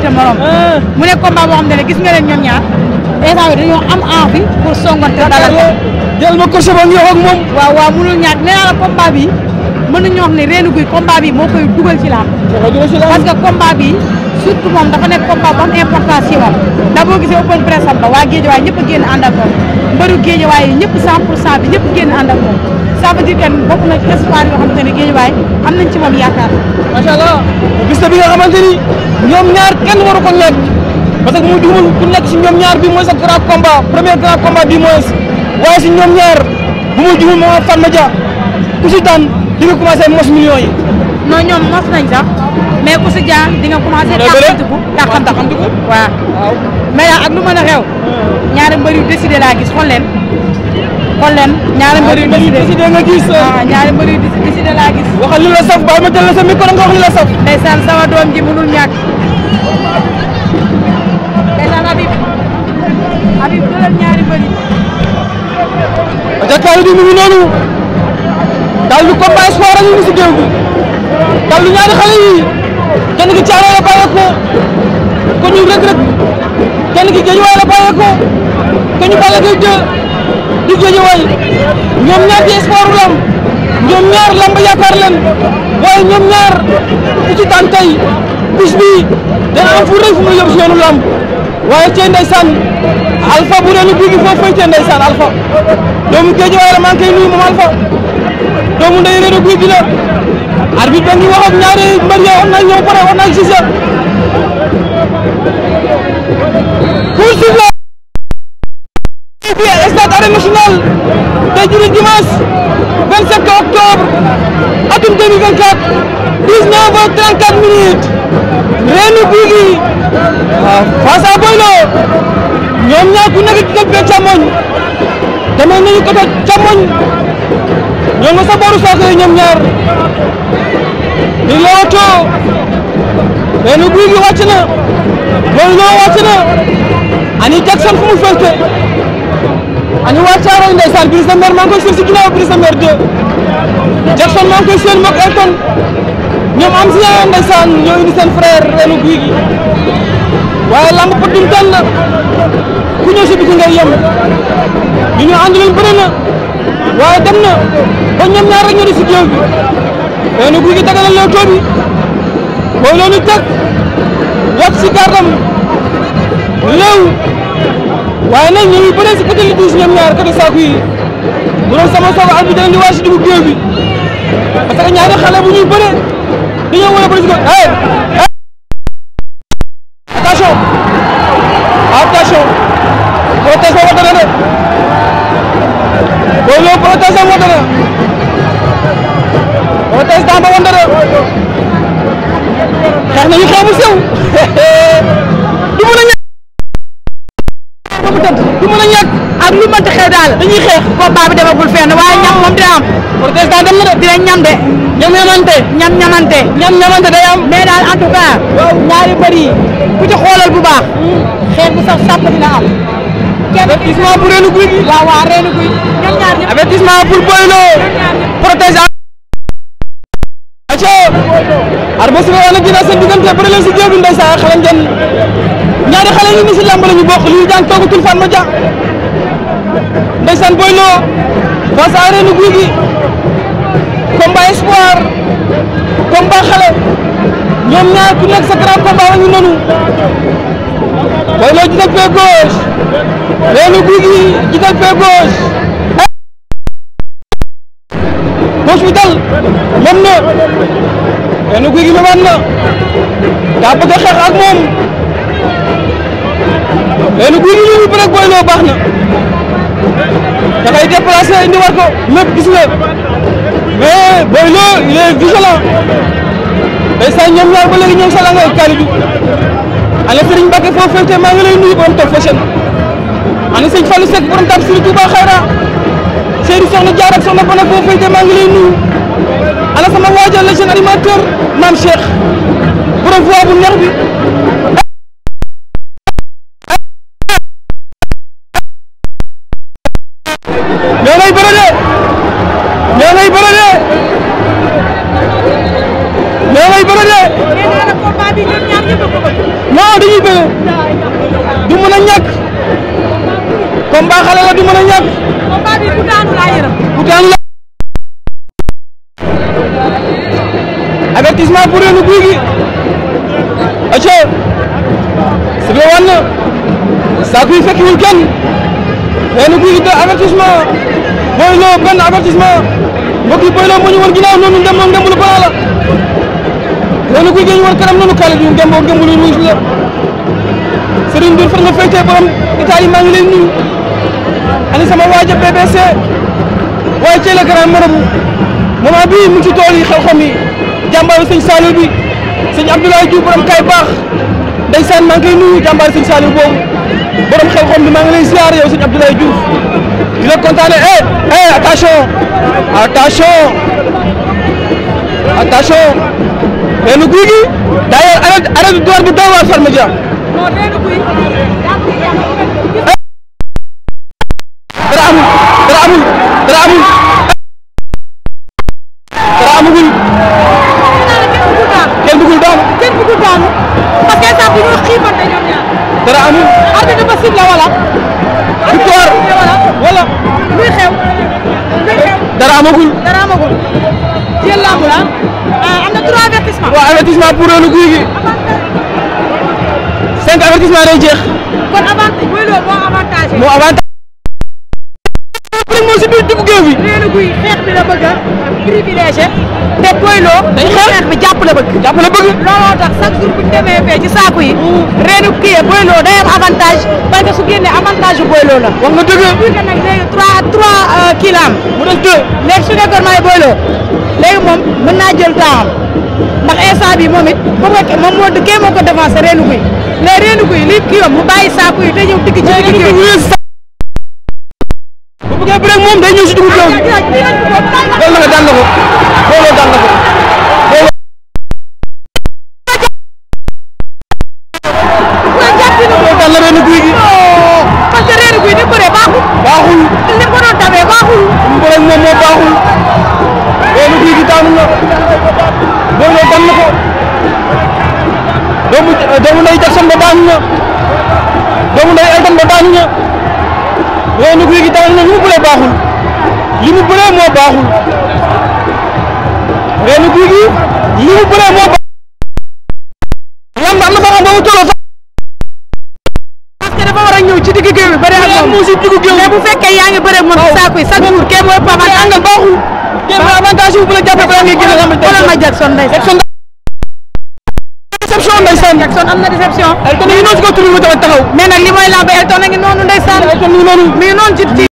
te morom ah. mu nekk combat boo xam ne gis nga leen ñoom ñaar instant bi dañoo am envie pour songante dalal jël ma ko sobal ñëw ak moom waaw waaw mënul ñaar nee naa la combat bi mën na ñoo xam ne Reenu Guy combat bi moo koy dugal ci laam parce que combat bi surtout moom dafa nekk combat bu am importance open press am ba waa Géejawaay ñëpp a génn ànd moom mbëru Géejawaay yi ñëpp 100 pour cent bi ñëpp génn ànd ak moom ça veut dire que na ci espoir yoo xam te ne macha allah bis la bi nga xamante ni ñoom ñaar kenn waru ko ñàkk parce que mu juumul ku nekk si ñoom ñaar bi mooy sa grand combat premier grand combat bi mooy waaye si ñoom ñaar bu mu juumul moom Fatma Dia ku si daan di nga commencé mos millions yi. non ñoom mos nañ sax mais ku si di nga commencé. dëgg la dàqantiku dàqantiku waaw. ak lu mën a ñaari mbër yu décidé laa gis xool leen xool ñaari mbër yu décidé nga gis ah, ñaari mbër yu décidé laa gis waxal li la saf bàyyi ma jël la sa micro nga wax li la saf ndeysaan sama doom ji mënul ñàkk ndeysaan Habib Habib jëlal ñaari mbër yi jàkkaarlu bi mu ngi noonu daal lu combat espoir ñu ngi géew bi daal lu ñaari xale yi kenn ki caaroo la bàyyeekoo ko ñu rek rek kenn ki géej waay la bàyyeekoo bañu Balla ñoom ñaar di espoir lamb ñoom ñaar lamb yaakaar waaye ñoom ñaar ku ci daan tey bis bi dana fu mu yóbbu si yoonu waaye tey ndeysaan Alpha bu reenu bii gi foofu fay tey ndeysaan Alpha doomu Guédiawaye la maa ngi koy moom Alpha doomu ndey reenu bii gi la arbitre ba ngi wax ak ñaari mbër ya war nañ ñëw international day juri dimanche 27 octobre atum 2024 19 heures 34 minutes Reenu Gouy Gui face à Boy Lo ñoom ñaar ku nekk ci côté càmmoñ demoon nañu côté càmmoñ ñoo nga sa booru saako yi ñoom ñaar di leewatoo Reenu Gouy Gui wàcc na Boy Lo wàcc na ani Jackson fu mu féete ani waa Thiaroye ndeysaan Brise de Mer maa ngi koy seen si ginnaaw Brise de Mer 2 Jackson maa ngi koy seen moog am si yaayam ndeysaan ñoo indi seen frère reenu guy gi waaye lamb pot duñ tànn ku ñëw si dugg ngay yem ñu ñu ànd leen na waaye dem na ba ñoom ñaar rek ñu di si géew bi guy gi dagalal lew too booy loolu teg yokk si gardam léew waaye nag ñu ngi bëree si côté li douze ñoom ñaar côté yi bu sama soog al bi danañ di wàcc si dugub géew bi parce que ñaari xale bu ñuy bëree dañoo war a bëri si ko du mën a ak lu mënti xew daal dañuy xeex combat bi demagul fenn waaye ñam moom dina am protestant dem na de dina ñam de ñam ñamante ñam ñamante ñam ñamante day am mais daal en tout cas ñaari ku ci xoolal bu baax xeex bu sax sàpp dina am avertissement pour reenu guy gi waaw ñaari xale yu ni si lamb la ñu bokk Liss Diagne toogatul fan ma jàpp ndeysaan Boy Lo face à Reenu xale ñoom ñaar ku nekk sa grand combat noonu Boy Lo jiital pied Reenu Gouy Gui jiital pied gauche gauche Reenu Gouy Gui na daa bëgg a xeex moom. léegi bu ñu ñëwee baax na da koy déplacé indiwaat ko lépp gis nga mais Boy Lo il est vigilant day saa ñoom ñaar ba léegi ñoom sa la ana Serigne Mbacke foo féete maa ngi lay nuyu borom toog fashion ana Serigne Fallou Seck borom tam Serigne Touba Xayra Serigne soxna Diarra soxna Bona foo féete maa ngi lay nuyu ana sama waajal la jeune animateur Mame Cheikh borom voix bu neex bi. ñoo ngay bëre de ñoo ngay bëre de du mën a ñàkk combat xale du mën a ñàkk combat la avertissement pour Renou Gouy Gui aco sifle wan na saa kuy kenn benn guy de avertissement Boy Lo benn avertissement mbokk Boy Lo moo ñu war noonu dem noonu ngembul balaa la benn guy gi ñu war kanam noonu kàlla ñu ngemboo ngembul ñu ngi nga féetee borom Italie maa nuyu ani sama waaja BBC waaye cee la grand marabu moment mu ci tool yi xew-xew mi jàmbaaru sëñ Saliou bi sëñ kay baax ndeysaan maa ngi nuyu jàmbaaru sëñ Saliou boobu. borom xam-xam bi maa ngi lay ziar yow sëñ Abdoulaye Diouf di la kontaane eh eh attention attention attention benn guy gi daa yor arrêt arrêt door bu doy waar farma dia dara amul dara amul dara amul amagul. dara amagul jël la amul ah am na trois avertissement. waaw avertissement pour loolu guy gi. cinq avertissement day jeex. kon avantage mooy loolu moo avantage. dugg si biir dibu géew yi. réeru guy xeex bi la bëgg a privilégié te Boylo. day xeex bi jàpp la bëgg. jàpp la bëgg. looloo tax chaque bu demee fee ci saako yi. reenu kii Boylo day am avantage parce que su avantage Boylo la. wax nga trois trois euh, mu des deux. léegi su nekkoon Boylo léegi moom mën naa jël temps ndax instant bi moom it ba ko moom moo kee moo ko devancé reenu guy mais reenu guy li kii yomb mu bàyyi saako yi te ñëw digg ci bu bëggee bëreeg moom day ñëw si dugub loolu loolu nag daan na ko looloo daan na ko. doomu doomu ndey Jackson ba daan na doomu ndey Elton ba daan na Reenu Gouy Gui daan na li mu bëree baaxul li mu bëree moo baaxul Reenu Gouy Gui li mu bëree moo baaxul. lamb am na fa xam mu tolloo sax. parce dafa war a ñëw ci digg géew bi bëri ak moom mu si digg bu fekkee yaa ngi bëree moom saako yi chaque jour kee mooy papa nga baaxul. kee avantage bu la jàppee ba nga déception ndeysaan Jackson am na déception Elton ngi noonu si kaw tur bi tamit taxaw mais nag li mooy lamb Elton a ngi noonu ndeysaan Elton ngi noonu mi ngi noonu ci